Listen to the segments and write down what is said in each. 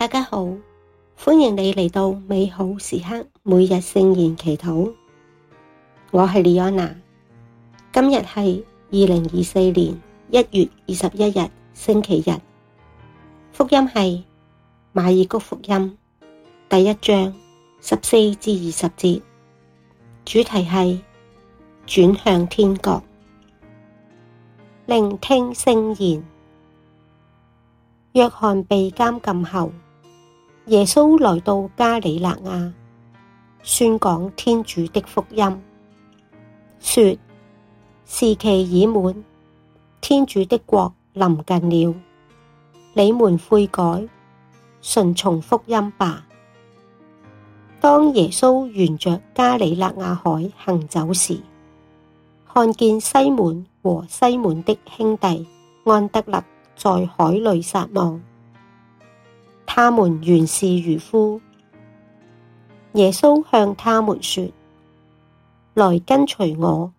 大家好，歡迎你嚟到美好時刻每日聖言祈禱。我係李安娜，今日係二零二四年一月二十一日星期日。福音係馬爾谷福音第一章十四至二十節，主題係轉向天國，聆聽聖言。若翰被監禁後。耶穌來到加里肋亞，宣講天主的福音，說：時期已滿，天主的國臨近了，你們悔改，信從福音吧。當耶穌沿着加里肋亞海行走時，看見西滿和西滿的兄弟安德肋在海裏撒網。他們原是漁夫，耶穌向他們說：來跟隨我，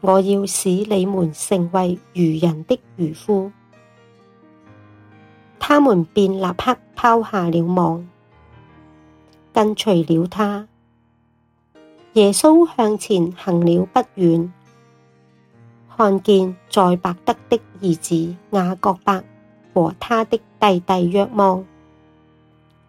我要使你們成為漁人的漁夫。他們便立刻拋下了網，跟隨了他。耶穌向前行了不遠，看見載伯德的兒子雅各伯和他的弟弟若望。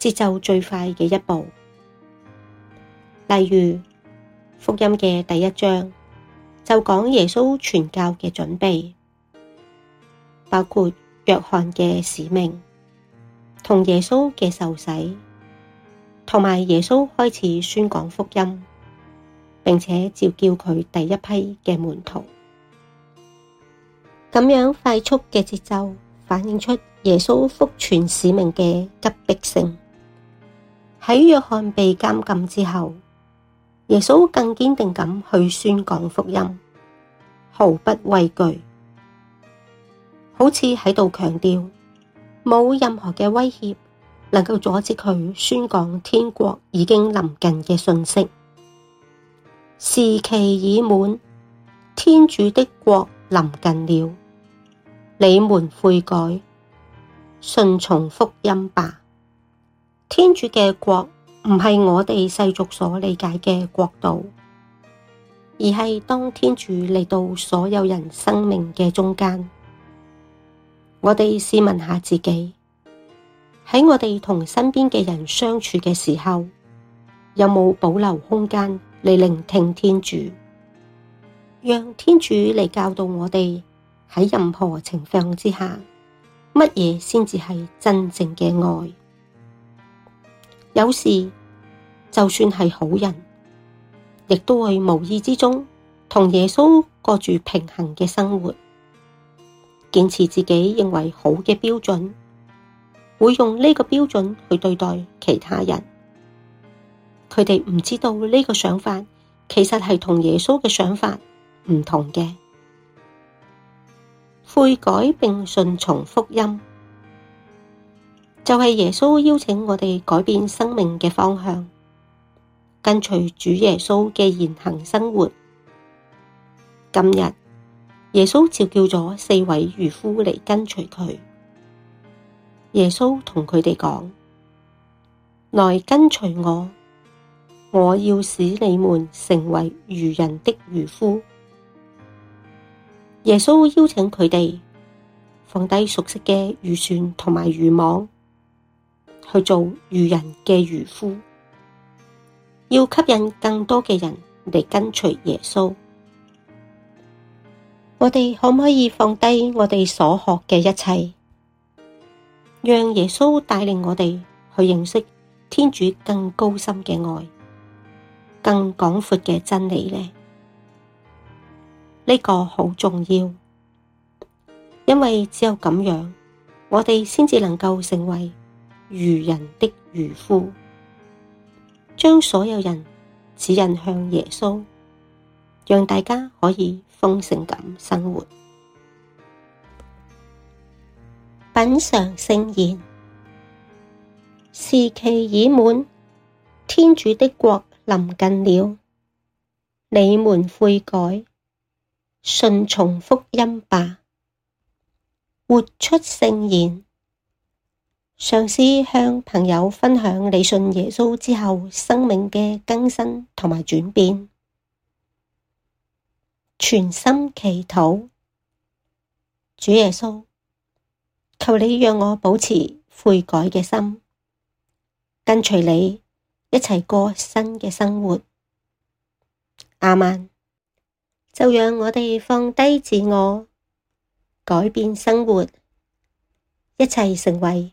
節奏最快嘅一部，例如福音嘅第一章就講耶穌傳教嘅準備，包括約翰嘅使命同耶穌嘅受洗，同埋耶穌開始宣講福音，並且召叫佢第一批嘅門徒。咁樣快速嘅節奏，反映出耶穌福傳使命嘅急迫性。喺若翰被監禁之後，耶穌更堅定咁去宣講福音，毫不畏懼，好似喺度強調冇任何嘅威脅能夠阻止佢宣講天國已經臨近嘅訊息。時期已滿，天主的國臨近了，你們悔改，順從福音吧。天主嘅國唔係我哋世俗所理解嘅國度，而係當天主嚟到所有人生命嘅中間。我哋試問下自己，喺我哋同身邊嘅人相處嘅時候，有冇保留空間嚟聆聽天主，讓天主嚟教導我哋喺任何情況之下，乜嘢先至係真正嘅愛？有時就算係好人，亦都會無意之中同耶穌過住平行嘅生活，堅持自己認為好嘅標準，會用呢個標準去對待其他人。佢哋唔知道呢個想法其實係同耶穌嘅想法唔同嘅，悔改並信從福音。就係耶穌邀請我哋改變生命嘅方向，跟隨主耶穌嘅言行生活。今日耶穌召叫咗四位漁夫嚟跟隨佢。耶穌同佢哋講：「來跟隨我，我要使你們成為漁人的漁夫。」耶穌邀請佢哋放低熟悉嘅漁船同埋漁網。去做漁人嘅漁夫，要吸引更多嘅人嚟跟隨耶穌。我哋可唔可以放低我哋所學嘅一切，讓耶穌帶領我哋去認識天主更高深嘅愛、更廣闊嘅真理呢？呢個好重要，因為只有咁樣，我哋先至能夠成為。漁人的漁夫，將所有人指引向耶穌，讓大家可以豐盛咁生活。品嘗聖言。時期已滿，天主的國臨近了，你們悔改，信從福音吧。活出聖言。嘗試向朋友分享你信耶穌之後生命嘅更新同埋轉變。全心祈禱，主耶穌，求你讓我保持悔改嘅心，跟隨你一齊過新嘅生活。阿們，就讓我哋放低自我，改變生活，一齊成為。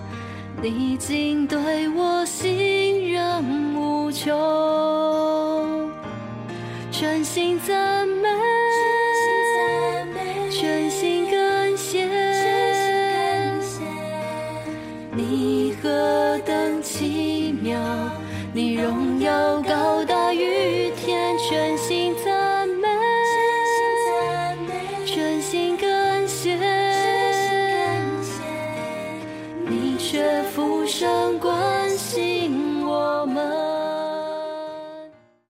你竟對我信任無窮。